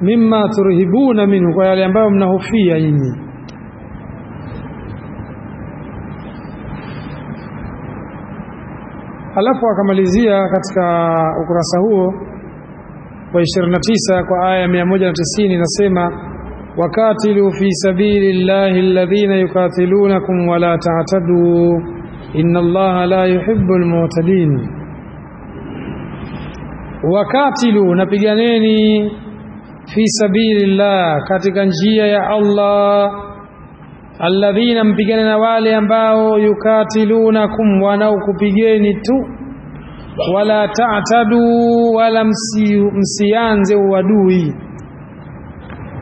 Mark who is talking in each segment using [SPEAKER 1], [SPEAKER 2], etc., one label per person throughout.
[SPEAKER 1] mimma turhibuna minhu, kwa yale ambayo mnahofia nyinyi. Alafu akamalizia katika ukurasa huo wa 29 kwa aya ya 190 inasema, wakatilu fi sabili llahi alladhina yukatilunakum wala ta'tadu inna allaha la yuhibbu mu'tadin. Wakatilu, napiganeni fi sabilillah, katika njia ya Allah. Alladhina, mpigane na wale ambao yukatilunakum, wanaokupigeni tu. Wala ta'tadu, wala msianze uadui.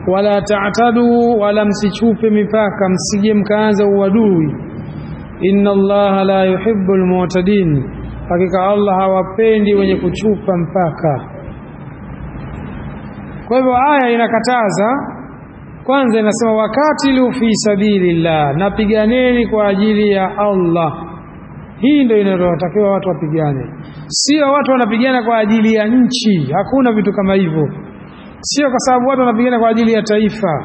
[SPEAKER 1] Wala ta'tadu, wala msichupe mipaka, msije mkaanza uadui. Inna Allaha la yuhibbul mu'tadin, hakika Allah hawapendi wenye kuchupa mpaka. Kwa hivyo aya inakataza kwanza, inasema wakatilu fi sabilillah, napiganeni kwa ajili ya Allah. Hii ndio inayotakiwa watu wapigane, sio watu wanapigana kwa ajili ya nchi. Hakuna vitu kama hivyo, sio kwa sababu watu wanapigana kwa ajili ya taifa,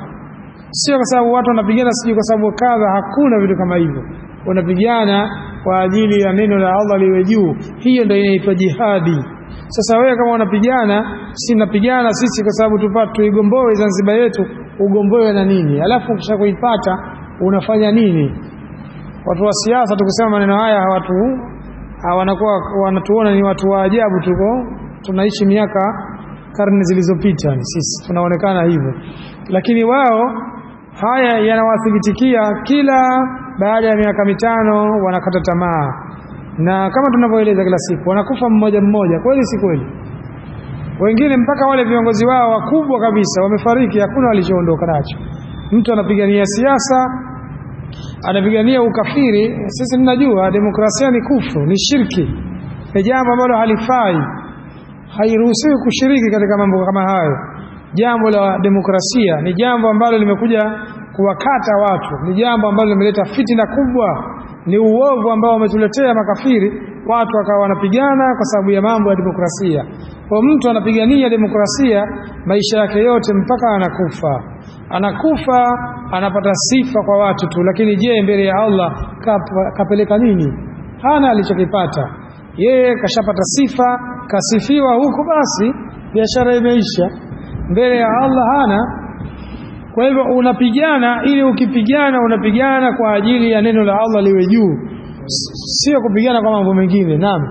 [SPEAKER 1] sio kwa sababu watu wanapigana sijui kwa sababu kadha. Hakuna vitu kama hivyo, wanapigana kwa ajili ya neno la Allah liwe juu. Hiyo ndio inaitwa jihadi. Sasa wewe kama unapigana, si napigana sisi kwa sababu tupate tuigomboe Zanzibar yetu, ugomboe na nini? Alafu ukisha kuipata unafanya nini? Watu wa siasa tukisema maneno haya hawatu hawanakuwa wanatuona ni watu wa ajabu, tuko tunaishi miaka karne zilizopita, sisi tunaonekana hivyo, lakini wao haya yanawathibitikia kila baada ya miaka mitano wanakata tamaa na kama tunavyoeleza kila siku wanakufa mmoja mmoja. Kweli si kweli? Wengine mpaka wale viongozi wao wakubwa kabisa wamefariki, hakuna walichoondoka nacho. Mtu anapigania siasa, anapigania ukafiri. Sisi tunajua demokrasia ni kufru, ni shirki, ni jambo ambalo halifai, hairuhusiwi kushiriki katika mambo kama hayo. Jambo la demokrasia ni jambo ambalo limekuja kuwakata watu, ni jambo ambalo limeleta fitina kubwa ni uovu ambao wametuletea makafiri, watu wakawa wanapigana kwa sababu ya mambo ya demokrasia. Kwa mtu anapigania demokrasia maisha yake yote mpaka anakufa, anakufa anapata sifa kwa watu tu, lakini je, mbele ya Allah kapeleka nini? Hana alichokipata yeye, kashapata sifa, kasifiwa huku, basi biashara imeisha. Mbele ya Allah hana kwa hivyo unapigana ili ukipigana unapigana kwa ajili ya neno la Allah liwe juu, sio kupigana kwa mambo mengine. Naam,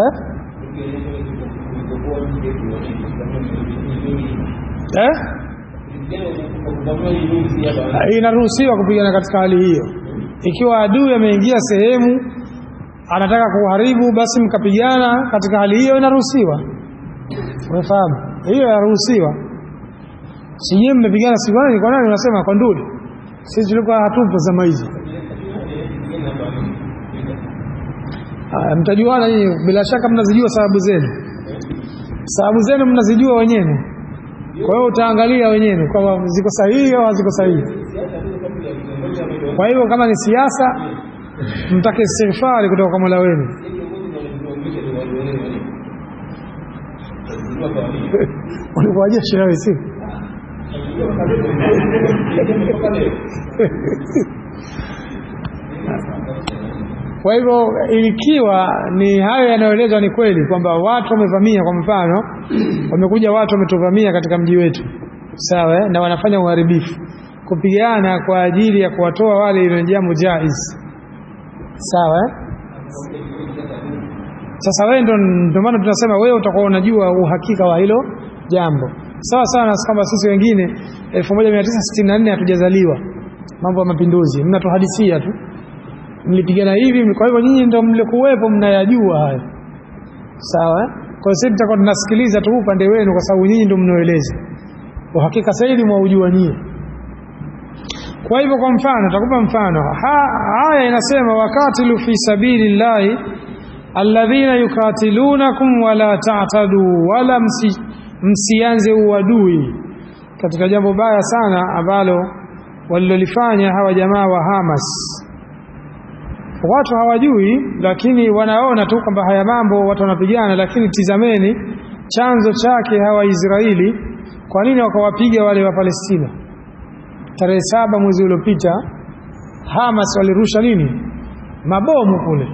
[SPEAKER 1] eh? Eh? Inaruhusiwa kupigana katika hali hiyo, ikiwa adui ameingia sehemu anataka kuharibu, basi mkapigana katika hali hiyo, inaruhusiwa. Umefahamu? Hiyo inaruhusiwa. Sijui mmepigana siku gani kwa nani unasema kwa nduli. Sisi tulikuwa hatupo zama hizo. Ah, mtajuana hiyo bila shaka mnazijua sababu zenu. Sababu zenu mnazijua wenyewe. Kwa hiyo utaangalia wenyewe kwamba ziko sahihi au haziko sahihi. Kwa hiyo kama ni siasa mtake istighfari kutoka kwa Mola wenu. Walikuwa jeshi na wesi Kwa hivyo ikiwa ni hayo yanayoelezwa ni kweli kwamba watu wamevamia, kwa mfano wamekuja watu wametuvamia katika mji wetu, sawa, eh? na wanafanya uharibifu, kupigana kwa ajili ya kuwatoa wale, ilo jambo jaiz, sawa. Eh? Sasa wewe ndo, ndio maana tunasema wewe utakuwa unajua uhakika wa hilo jambo sawa sawa na kama sisi wengine 1964 hatujazaliwa. Mambo ya mapinduzi mnatuhadisia tu, mlipigana hivi. Kwa hivyo nyinyi ndio mlikuwepo, mnayajua hayo, sawa. Eh? Kwa sisi tutakuwa tunasikiliza tu upande wenu, kwa sababu nyinyi ndio mnaoeleza uhakika zaidi, mwaujua nyinyi. Kwa hivyo, kwa mfano, takupa mfano haya, inasema wakatilu fi sabilillahi alladhina yukatilunakum wala ta'tadu wala msi msianze uadui katika jambo baya sana ambalo walilolifanya hawa jamaa wa Hamas. Watu hawajui, lakini wanaona tu kwamba haya mambo watu wanapigana, lakini tizameni chanzo chake hawa Israeli, kwa nini wakawapiga wale wa Palestina tarehe saba mwezi uliopita. Hamas walirusha nini? Mabomu kule,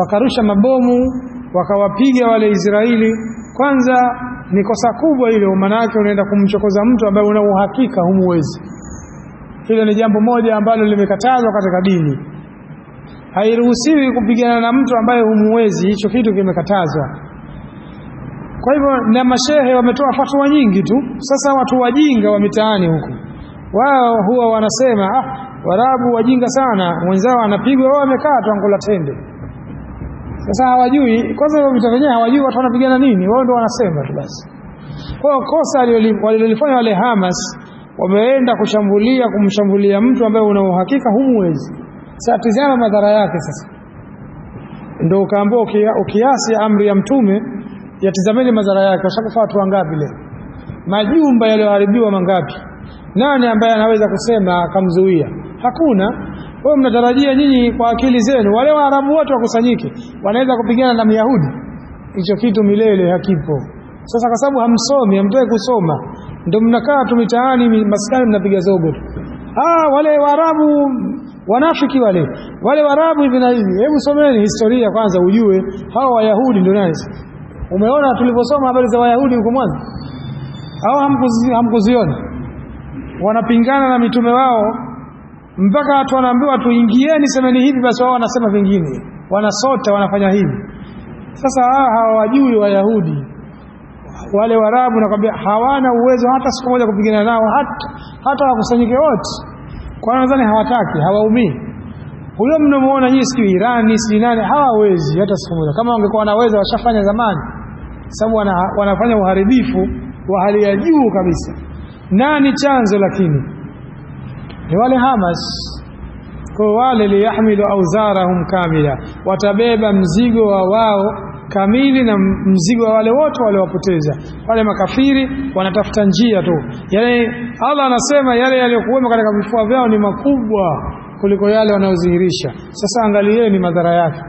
[SPEAKER 1] wakarusha mabomu wakawapiga wale Israeli kwanza ni kosa kubwa hilo, maanake unaenda kumchokoza mtu ambaye una uhakika humuwezi. Hilo ni jambo moja ambalo limekatazwa katika dini. Hairuhusiwi kupigana na mtu ambaye humuwezi, hicho kitu kimekatazwa. Kwa hivyo, na mashehe wametoa fatwa nyingi tu. Sasa watu wajinga wa mitaani huku, wao huwa wanasema ah, Warabu wajinga sana, mwenzao anapigwa, wao wamekaa tu angula tende sasa hawajui kwanza hivyo vita vyenyewe, hawajui watu wanapigana nini, wao ndio wanasema tu basi. Kwa hiyo kosa walilolifanya wale Hamas, wameenda kushambulia kumshambulia mtu ambaye una uhakika humwezi. Sasa tizama madhara yake. Sasa ndio ukaambiwa ukiasi amri ya Mtume, yatizameni madhara yake. Washakufa watu wangapi leo? Majumba yaliyoharibiwa mangapi? Nani ambaye anaweza kusema akamzuia? Hakuna. Kwa mnatarajia nyinyi kwa akili zenu wale Waarabu wote wakusanyike, wanaweza kupigana na Myahudi? Hicho kitu milele hakipo. Sasa kwa sababu hamsomi, hamtoe kusoma, ndio mnakaa tu mitaani maskani mnapiga zogo tu. Ah, wale Waarabu wanafiki wale wale Waarabu hivi na hivi. Hebu someni historia kwanza ujue hao Wayahudi ndio nani. Umeona tulivyosoma habari za Wayahudi huko mwanzo, hao hamkuziona, wanapingana na mitume wao mpaka watu wanaambiwa tuingieni, semeni hivi, basi wao wanasema vingine, wanasota, wanafanya hivi. Sasa ah, hawa hawajui Wayahudi wale Waarabu, nakwambia hawana uwezo hata siku moja kupigana nao, hata hata wakusanyike wote, kwa nadhani hawataki, hawaumii. Huyo mnamuona nyinyi, sijui Irani, sijui nani, hawawezi hata siku moja. Kama wangekuwa wanaweza washafanya zamani, sababu wana, wanafanya uharibifu wa hali ya juu kabisa. Nani chanzo lakini ni wale Hamas kwa wale liyahmilu auzarahum kamila, watabeba mzigo wa wao kamili na mzigo wa wale wote waliowapoteza wale makafiri. Wanatafuta njia tu, yani Allah anasema yale yaliyokuwemo katika vifua vyao ni makubwa kuliko yale wanayodhihirisha. Sasa angalieni madhara yake.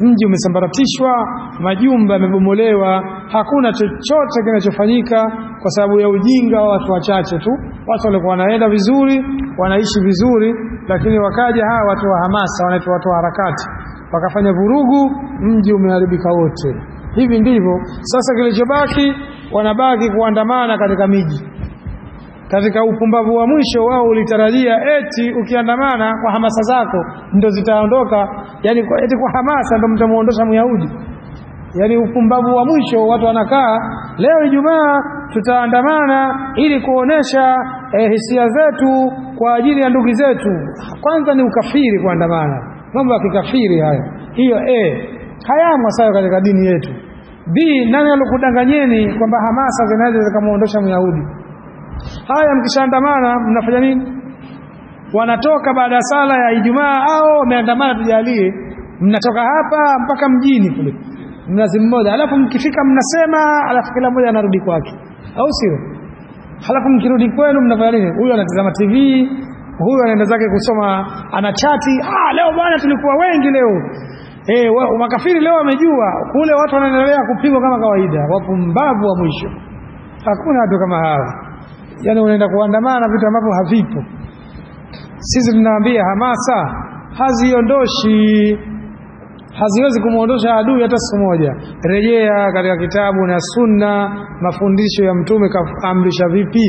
[SPEAKER 1] Mji umesambaratishwa, majumba yamebomolewa, hakuna chochote kinachofanyika kwa sababu ya ujinga wa watu wachache tu. Watu walikuwa wanaenda vizuri, wanaishi vizuri, lakini wakaja hawa watu wa hamasa, wanaitwa watu wa harakati, wakafanya vurugu, mji umeharibika wote. Hivi ndivyo sasa, kilichobaki wanabaki kuandamana katika miji. Katika upumbavu wa mwisho wao ulitarajia eti ukiandamana kwa hamasa zako ndo zitaondoka, yani eti kwa hamasa ndo mtamuondosha Myahudi. Yani upumbavu wa mwisho watu wanakaa Leo Ijumaa tutaandamana ili kuonesha eh, hisia zetu kwa ajili ya ndugu zetu. Kwanza ni ukafiri kuandamana, mambo ya kikafiri hayo. Hiyo eh, hayamo sayo katika dini yetu. B, nani alokudanganyeni kwamba hamasa zinaweza zikamuondosha Myahudi? Haya, mkishaandamana mnafanya nini? Wanatoka baada ya sala ya Ijumaa au wameandamana, tujalie mnatoka hapa mpaka mjini kule mnazi mmoja, alafu mkifika mnasema, alafu kila mmoja anarudi kwake, au sio? Halafu mkirudi kwenu mnafanya nini? Huyu anatazama TV, huyu anaenda zake kusoma, ana chati. Ah, leo bwana tulikuwa wengi leo. Eh, makafiri leo wamejua. Kule watu wanaendelea kupigwa kama kawaida, wapumbavu wa mwisho. Hakuna watu kama hawa, yaani unaenda kuandamana vitu ambavyo havipo. Sisi tunawaambia hamasa haziondoshi haziwezi kumwondosha adui hata siku moja. Rejea katika kitabu na Sunna, mafundisho ya Mtume kaamrisha vipi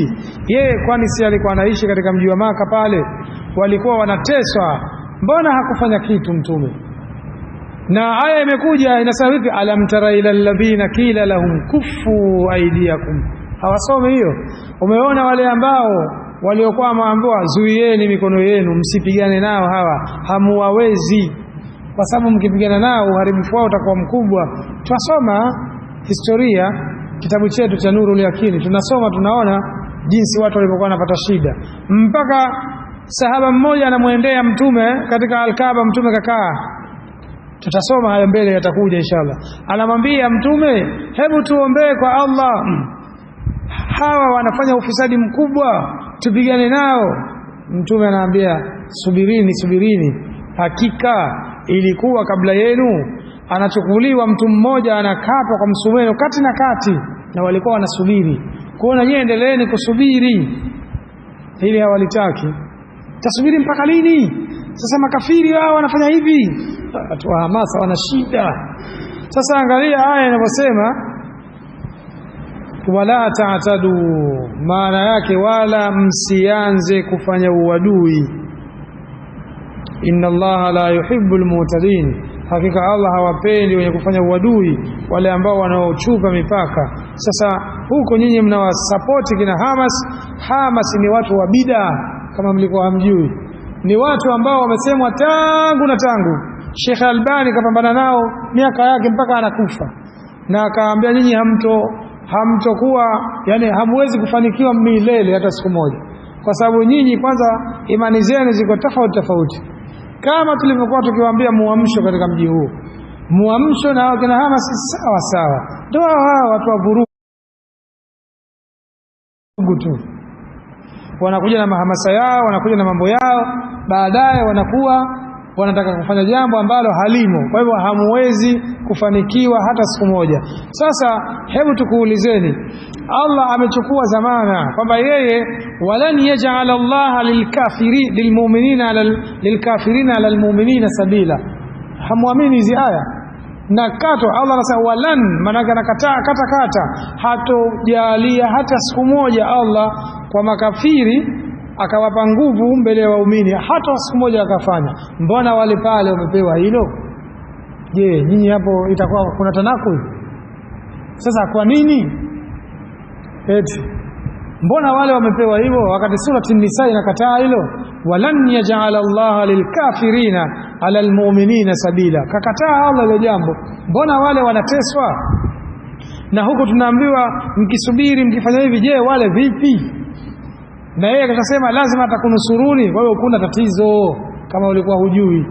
[SPEAKER 1] yeye? Kwani si alikuwa anaishi katika mji wa Maka pale, walikuwa wanateswa, mbona hakufanya kitu Mtume? Na aya imekuja inasema vipi? alam tara ila alladhina kila lahum kufu aydiyakum, hawasome hiyo? Umeona wale ambao waliokuwa wameambiwa zuieni mikono yenu msipigane nao, hawa hamuwawezi kwa sababu mkipigana nao uharibifu wao utakuwa mkubwa. Twasoma historia kitabu chetu cha Nurul Yakini, tunasoma tunaona jinsi watu walivyokuwa wanapata shida, mpaka sahaba mmoja anamwendea Mtume katika Alkaba, Mtume kakaa. Tutasoma hayo mbele, yatakuja inshallah. Anamwambia Mtume, hebu tuombee kwa Allah, hawa wanafanya ufisadi mkubwa, tupigane nao. Mtume anaambia, subirini, subirini, hakika ilikuwa kabla yenu, anachukuliwa mtu mmoja anakatwa kwa msumeno kati na kati, na walikuwa wanasubiri. kuona nyie, endeleeni kusubiri, ili hawalitaki. Tasubiri mpaka lini? Sasa makafiri wao wanafanya hivi, watu wa hamasa wana shida. Sasa angalia aya inavyosema wala taatadu, maana yake wala msianze kufanya uadui inna allaha la yuhibbul mu'tadin, hakika Allah hawapendi wenye kufanya uadui, wale ambao wanaochupa mipaka. Sasa huko nyinyi mnawasapoti kina Hamas. Hamas ni watu wa bid'a, kama mlikuwa hamjui, ni watu ambao wamesemwa tangu na tangu. Sheikh Albani kapambana nao miaka yake mpaka anakufa, na akaambia nyinyi hamto hamtokuwa yani, hamwezi kufanikiwa milele hata siku moja, kwa sababu nyinyi kwanza imani zenu ziko tofauti tofauti kama tulivyokuwa tukiwaambia muamsho katika mji huu. Muamsho na wakina Hama si sawa sawa, ndio hao hao watu wa vurugu tu, wanakuja na mahamasa yao, wanakuja na mambo yao, baadaye wanakuwa wanataka kufanya jambo ambalo halimo. Kwa hivyo hamuwezi kufanikiwa hata siku moja. Sasa hebu tukuulizeni, Allah amechukua zamana kwamba yeye walan yajal Allah lilkafiri lilmu'minina lilkafirina ala almu'minina sabila, hamwamini hizi aya na kato. Allah anasema walan, maanake anakataa kata kata, hatojalia hata siku moja Allah kwa makafiri akawapa nguvu mbele ya waumini, hata siku moja wakafanya. Mbona wale pale wamepewa hilo? Je, nyinyi hapo itakuwa kuna tanakul? Sasa kwa nini eti mbona wale wamepewa hivyo wakati surati Nisa inakataa hilo, walan yaj'ala Allah lilkafirina ala almu'minina sabila, kakataa Allah hilo jambo. Mbona wale wanateswa na huku tunaambiwa mkisubiri, mkifanya hivi, je, wale vipi? Na yeye akasema lazima atakunusuruni wewe, ukuna tatizo kama ulikuwa hujui.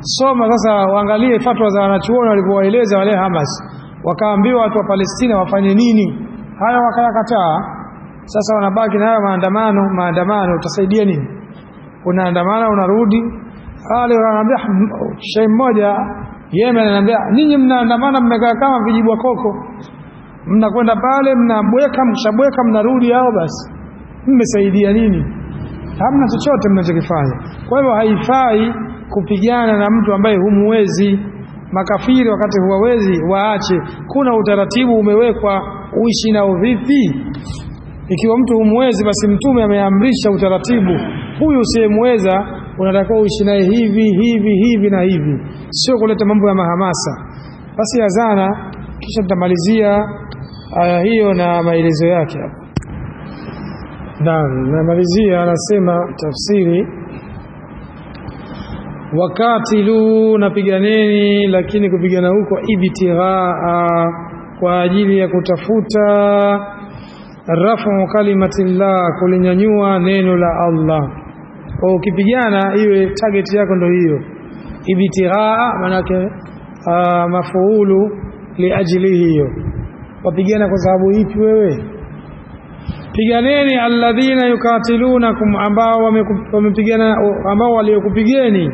[SPEAKER 1] Soma sasa, waangalie fatwa za wanachuoni walivyowaeleza wale Hamas, wakaambiwa watu wa Palestina wafanye nini haya wakayakataa. Sasa wanabaki na maandamano. Maandamano utasaidia nini? Unaandamana, unarudi wale wanaambia, shehe mmoja Yemen ananiambia, ninyi mnaandamana, mmekaa kama vijibwa koko, mnakwenda pale, mnabweka, mshabweka, mnarudi. Hao basi mmesaidia nini? Hamna chochote mnachokifanya. Kwa hivyo haifai kupigana na mtu ambaye humwezi Makafiri wakati huwawezi waache, kuna utaratibu umewekwa uishi nao vipi? Ikiwa mtu humwezi, basi Mtume ameamrisha utaratibu, huyu usiyemweza unatakiwa uishi naye hivi hivi hivi na hivi, sio kuleta mambo ya mahamasa. Basi azana, kisha tutamalizia aya hiyo na maelezo yake hapo. Naam, namalizia, anasema tafsiri wakatilu, napiganeni, lakini kupigana huko ibtighaa kwa ajili ya kutafuta rafu kalimatillah, kulinyanyua neno la Allah. Kwa ukipigana iwe target yako ndio hiyo ibtighaa, manake ah, mafuulu ajili hiyo. Wapigana kwa sababu ipi wewe? Piganeni alladhina yukatilunakum, ambao wamepigana, ambao waliokupigeni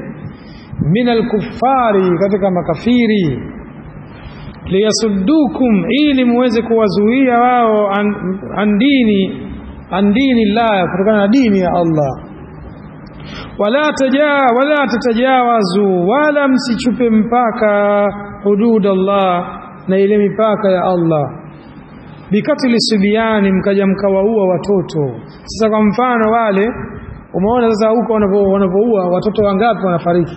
[SPEAKER 1] min alkuffari, katika makafiri liyasuddukum, ili muweze kuwazuia wao an dini an dini llah, kutokana na dini ya Allah. Wala taja wala tatajawazu, wala msichupe mpaka hudud Allah, na ile mipaka ya Allah. Bikatili subiani, mkaja mkawaua watoto. Sasa kwa mfano wale, umeona sasa huko wanavyoua watoto, wangapi wanafariki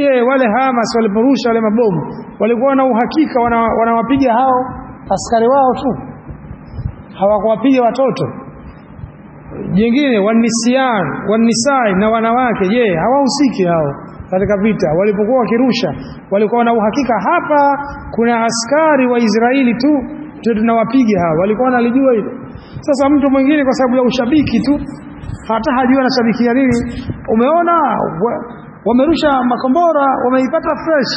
[SPEAKER 1] Je, wale Hamas waliporusha wale mabomu walikuwa na uhakika wanawapiga wana hao askari wao tu, hawakuwapiga watoto? Jingine, wanisian wanisai, na wanawake, je hawahusiki hao katika vita? Walipokuwa wakirusha walikuwa na uhakika hapa kuna askari wa Israeli tu ndio tunawapiga hao? Walikuwa wanalijua hilo? Sasa mtu mwingine kwa sababu ya ushabiki tu hata hajui anashabikia nini, umeona wamerusha makombora, wameipata fresh.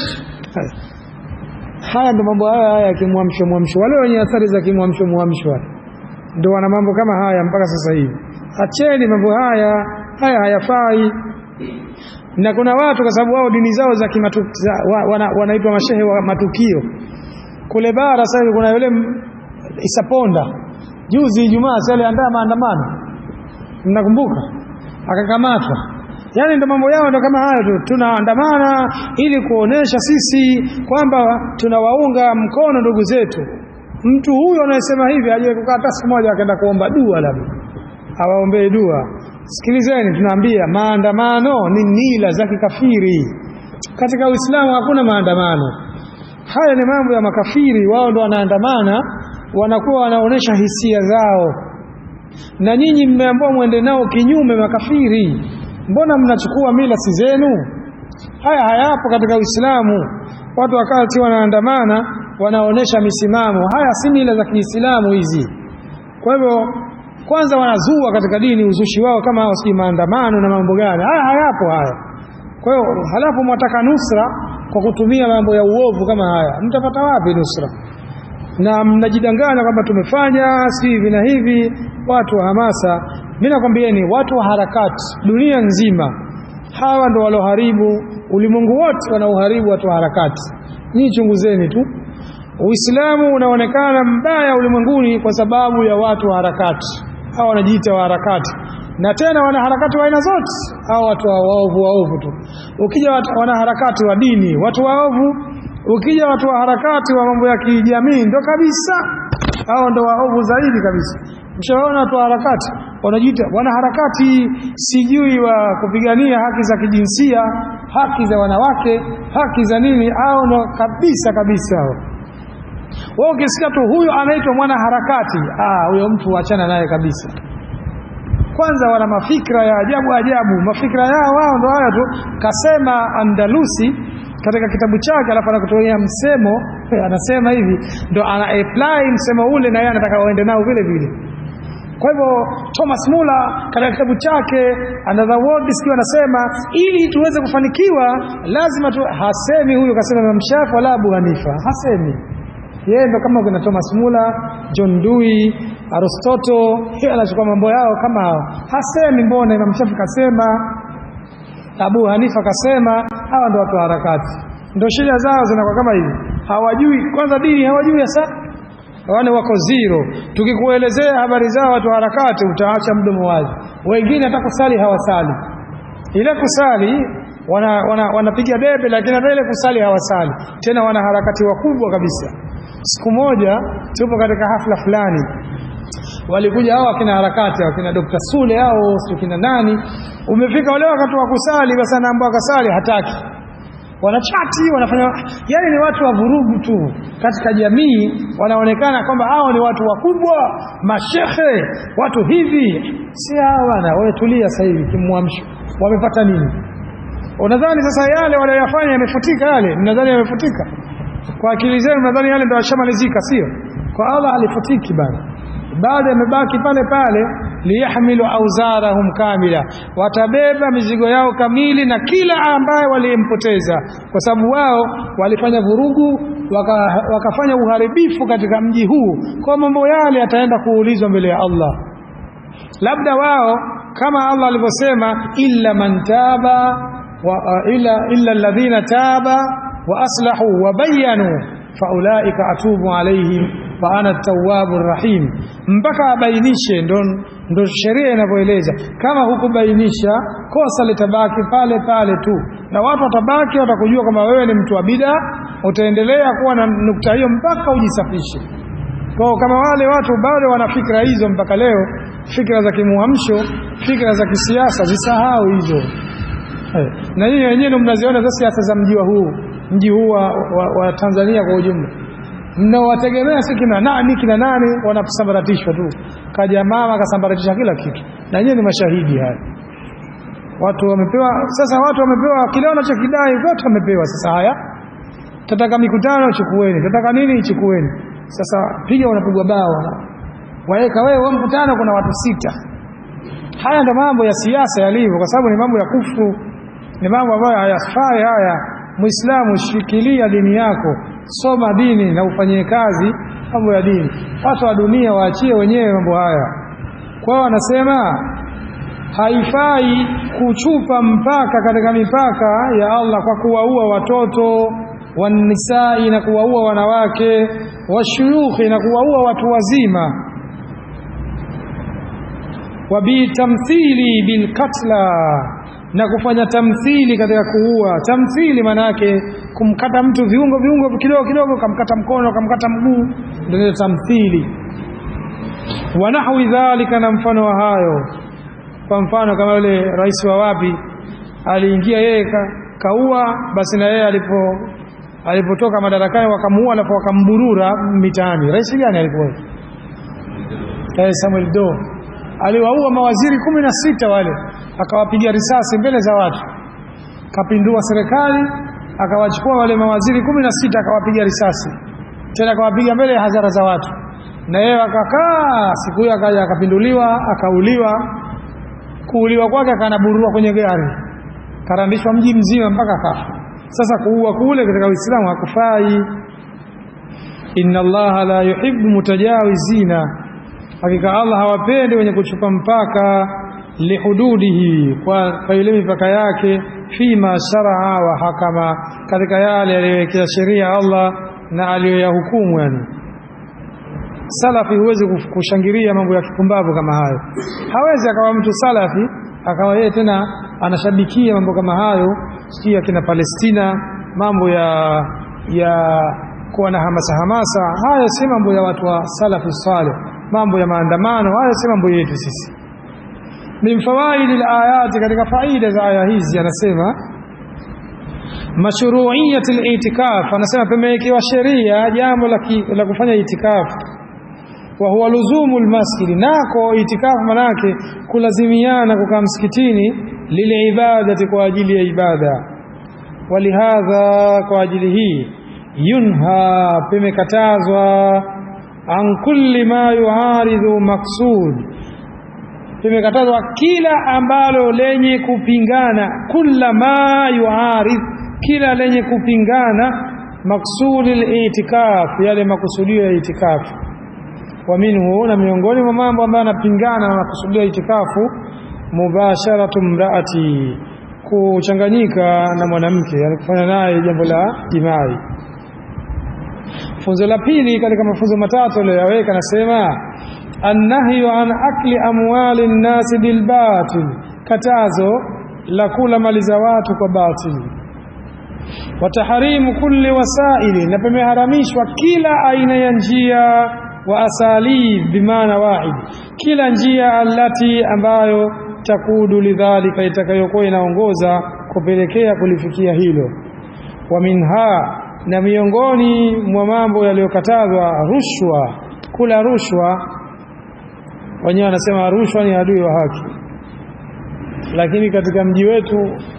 [SPEAKER 1] Haya ndo mambo haya haya ya kimwamsho mwamsho, wale wenye athari za kimwamsho mwamsho ndo wana mambo kama haya mpaka sasa hivi. Acheni mambo haya haya, hayafai. Na kuna watu kwa sababu wao dini zao za wanaitwa wana mashehe wa matukio kule bara. Sasa kuna yule Isaponda juzi Ijumaa, si aliandaa maandamano, mnakumbuka? Akakamatwa yani ndo mambo yao ndo kama hayo tu, tunaandamana ili kuonesha sisi kwamba tunawaunga mkono ndugu zetu. Mtu huyo anayesema hivi aje kukaa hata siku moja akaenda kuomba dua, labda awaombee dua. Sikilizeni, tunaambia maandamano ni mila za kikafiri. Katika Uislamu hakuna maandamano. Haya ni mambo ya makafiri, wao ndo wanaandamana, wanakuwa wanaonesha hisia zao, na nyinyi mmeambiwa mwende nao kinyume makafiri mbona mnachukua si zenu? Haya hayapo katika Uislamu. Watu wakati wanaandamana wanaonesha misimamo, haya si mila za Kiislamu hizi. Kwa hivyo, kwanza wanazua katika dini uzushi wao, kama hao si maandamano na mambo gani, haya hayapo haya. Kwa hiyo, halafu mwataka nusra kwa kutumia mambo ya uovu kama haya, mtapata wapi nusra? Na mnajidanganya kwamba tumefanya si hivi na hivi. Watu wa hamasa mimi nakwambieni watu wa harakati dunia nzima, hawa ndo waloharibu ulimwengu wote, wanaoharibu watu wa harakati. Nyinyi chunguzeni tu, Uislamu unaonekana mbaya ulimwenguni kwa sababu ya watu wa harakati. Hawa wanajiita wa harakati na tena wanaharakati wa aina zote, hawa watu waovu waovu tu. Ukija wanaharakati wa dini, watu waovu. Ukija watu wa harakati wa mambo ya kijamii, ndo kabisa hao ndo waovu zaidi kabisa. Mshaona watu wa harakati wanajiita wanaharakati sijui wa kupigania haki za kijinsia, haki za wanawake, haki za nini, au no, kabisa kabisa hao wao. Ukisikia tu huyo anaitwa mwanaharakati, ah, huyo mtu achana naye kabisa. Kwanza wana mafikra ya ajabu ajabu, mafikra yao wao ndo hayo tu. Kasema Andalusi katika kitabu chake, alafu anakutolea msemo, anasema hivi, ndo ana apply msemo ule, na yeye anataka waende nao vile vile kwa hivyo Thomas Muller katika kitabu chake Another World sikio anasema ili tuweze kufanikiwa lazima tu, hasemi huyu kasema Imam Shafi wala Abu Hanifa, hasemi yeye, ndo kama kuna Thomas Muller, John Dewey, Aristotle, yeye anachukua mambo yao kama hao, hasemi mbona Imam Shafi kasema, Abu Hanifa kasema. Hawa ndo watu wa harakati, ndo shida zao zinakuwa kama hivi, hawajui kwanza dini, hawajui hasa wale wako zero. Tukikuelezea habari zao watu harakati, utaacha mdomo wazi. Wengine hata kusali hawasali, ile kusali wanapiga wana, wana debe, lakini hata ile kusali hawasali tena, wana harakati wakubwa kabisa. Siku moja tupo katika hafla fulani, walikuja hao akina harakati hao akina Dr. Sule hao kina nani, umefika wale wakati wa kusali, basi anaambiwa akasali, hataki wanachati wanafanya, yani ni watu wa vurugu tu katika jamii, wanaonekana kwamba hao ni watu wakubwa, mashehe, watu hivi. Si hao bana, wametulia sasa hivi kimwamsho, wamepata nini? Unadhani sasa yale waliyofanya yamefutika? Yale mnadhani yamefutika kwa akili zenu? nadhani yale ndio yashamalizika? Sio, kwa Allah halifutiki bana, bado yamebaki pale pale liyahmilu auzarahum kamila, watabeba mizigo yao kamili na kila ambaye waliyempoteza, kwa sababu wao walifanya vurugu waka, wakafanya uharibifu katika mji huu. Kwa mambo yale yataenda kuulizwa mbele ya Allah, labda wao kama Allah alivyosema, illa man taba wa illa, illa alladhina taba wa aslahu wa bayanu faulaika atubu alaihim fa ana tawwabur rahim, mpaka abainishe. Ndo, ndo sheria inavyoeleza. Kama hukubainisha kosa litabaki pale pale tu, na watu watabaki watakujua kwamba wewe ni mtu wa bida, utaendelea kuwa na nukta hiyo mpaka ujisafishe. Kwa kama wale watu bado wana fikra hizo mpaka leo, fikra za kimuamsho, fikra za kisiasa, zisahau hizo. Eh, na wenyewe yenyewe mnaziona za siasa za mji huu, mji huu wa, wa, wa Tanzania kwa ujumla mnaowategemea si kina nani kina nani, wanasambaratishwa tu. Kaja mama akasambaratisha kila kitu, na nyewe ni mashahidi haya. Watu wamepewa sasa, watu wamepewa kile wanachokidai, watu wamepewa sasa. Haya, tataka mikutano chukueni, tataka nini chukueni. Sasa piga, wanapigwa bao, waeka wewe wa mkutano, kuna watu sita. Haya ndo mambo ya siasa yalivyo, kwa sababu ni mambo ya kufuru, ni mambo ambayo hayafai haya. Muislamu, shikilia dini yako soma dini na ufanyie kazi mambo ya dini. Watu wa dunia waachie wenyewe mambo haya. Kwa wanasema haifai kuchupa mpaka katika mipaka ya Allah kwa kuwaua watoto wanisai, na kuwaua wanawake washuyukhi, na kuwaua watu wazima wa bilkatla na kufanya tamthili katika kuua. Tamthili maana yake kumkata mtu viungo viungo kidogo kidogo, kamkata mkono, kamkata mguu, ndio tamthili. Wa nahwi dhalika, na mfano wa hayo. Kwa mfano kama yule rais wa wapi aliingia yeye kaua, basi na yeye alipo alipotoka madarakani wakamuua, alafu wakamburura mitaani. Rais gani alikuwa? Eh, Samuel Doe aliwaua mawaziri kumi na sita wale, akawapiga risasi mbele za watu, kapindua serikali, akawachukua wale mawaziri kumi na sita akawapiga risasi tena, akawapiga mbele ya hadhara za watu, na yeye akakaa. Siku hiyo akaja akapinduliwa, akauliwa. Kuuliwa kwake akanaburua kwenye gari, karambishwa mji mzima mpaka kafa. Sasa kuua kule katika Uislamu hakufai. Inna Allaha la yuhibbu mutajawizina hakika Allah hawapendi wenye kuchupa mpaka lihududihi, kwa, kwa ile mipaka yake, fima sharaa wa hakama, katika yale aliyowekea sheria Allah na aliyoyahukumu. Yani salafi, huwezi kushangilia mambo ya kipumbavu kama hayo. Hawezi akawa mtu salafi akawa yeye tena anashabikia mambo kama hayo, sijui akina Palestina, mambo ya ya kuwa na hamasa hamasa. Haya si mambo ya watu wa salafi saleh mambo ya maandamano haya si mambo yetu sisi. Min fawaidil ayati, katika faida za aya hizi anasema mashruiyat litikaf, anasema pamewekewa sheria jambo la kufanya itikafu wa huwa luzumu lmasjidi, nako itikafu manake kulazimiana kukaa msikitini, lilibadati, kwa ajili ya ibada. Walihadha, kwa ajili hii, yunha, pemekatazwa an kulli ma yuaridhu maksud, tumekatazwa kila ambalo lenye kupingana, kulla ma yuaridh, kila lenye kupingana maksudi litikaf, yale makusudio ya itikafu. Wa minhu, na miongoni mwa mambo ambayo yanapingana na makusudio ya itikafu, mubasharatu mraati, kuchanganyika na mwanamke, yani kufanya naye jambo la jimai Funzo la pili katika mafunzo matatu aliyoyaweka, anasema annahyu an akli amwali nnasi bilbatil, katazo la kula mali za watu kwa batili. Wa tahrimu kulli wasaili, na pameharamishwa kila aina ya njia. Wa asalib bimaana wahid, kila njia alati, ambayo takudu lidhalika, itakayokuwa inaongoza kupelekea kulifikia hilo. Wa minha na miongoni mwa mambo yaliyokatazwa rushwa, kula rushwa. Wenyewe wanasema rushwa ni adui wa haki, lakini katika mji wetu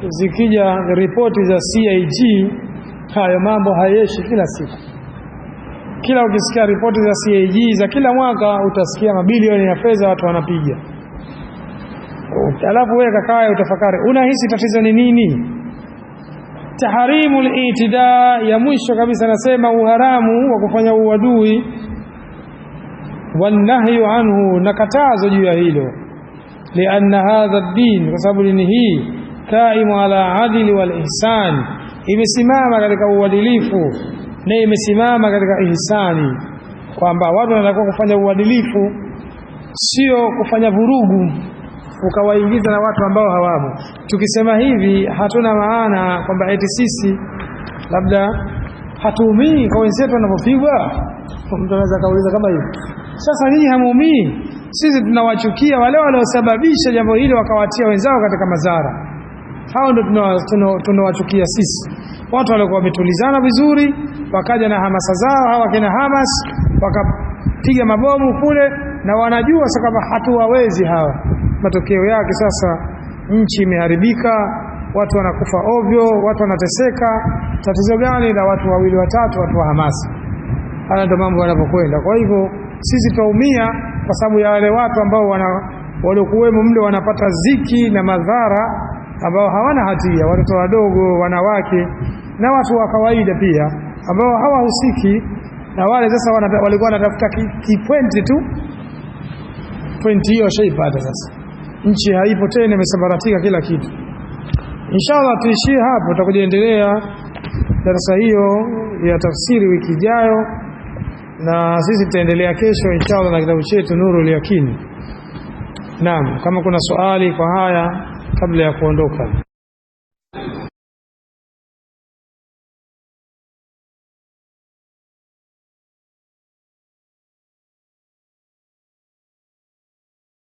[SPEAKER 1] zikija ripoti za cig hayo mambo hayeshi kila siku. Kila ukisikia ripoti za cig za kila mwaka utasikia mabilioni ya fedha watu wanapiga, alafu wewe kakae utafakari, unahisi tatizo ni nini? taharimu litida, ya mwisho kabisa anasema uharamu wa kufanya uadui, wanahyu anhu, na katazo juu ya hilo, lianna hadha din kwa sababu dini hii kaimu ala adli wal ihsan, imesimama katika uadilifu na imesimama katika ihsani, kwamba watu wanatakiwa kufanya uadilifu, sio kufanya vurugu ukawaingiza na watu ambao hawamo. Tukisema hivi hatuna maana kwamba eti sisi labda hatuumii kwa wenzetu wanapopigwa. Mtu anaweza kauliza kama hivi, sasa nyinyi hamuumii? Sisi tunawachukia wale waliosababisha jambo hili wakawatia wenzao katika madhara. Hao ndio tunawachukia sisi, watu waliokuwa wametulizana vizuri, wakaja na hamasa zao, hawa kina Hamas wakapiga mabomu kule, na wanajua sasa hatuwawezi hawa Matokeo yake sasa nchi imeharibika, watu wanakufa ovyo, watu wanateseka. Tatizo gani la watu wawili watatu, watu wa hamasa? Haya ndio mambo yanapokwenda. Kwa hivyo sisi twaumia kwa sababu ya wale watu ambao wana waliokuwemo mle wanapata ziki na madhara, ambao hawana hatia, watoto wadogo, wanawake na watu wa kawaida pia, ambao hawahusiki na wale. Sasa walikuwa wanatafuta kipwenti tu, pwenti hiyo washaipata sasa nchi haipo tena, imesambaratika kila kitu. Inshallah tuishie hapo, tutakuja endelea darasa hiyo ya tafsiri wiki ijayo, na sisi tutaendelea kesho inshallah na kitabu chetu Nurul Yaqini. Naam, kama kuna swali kwa haya kabla ya kuondoka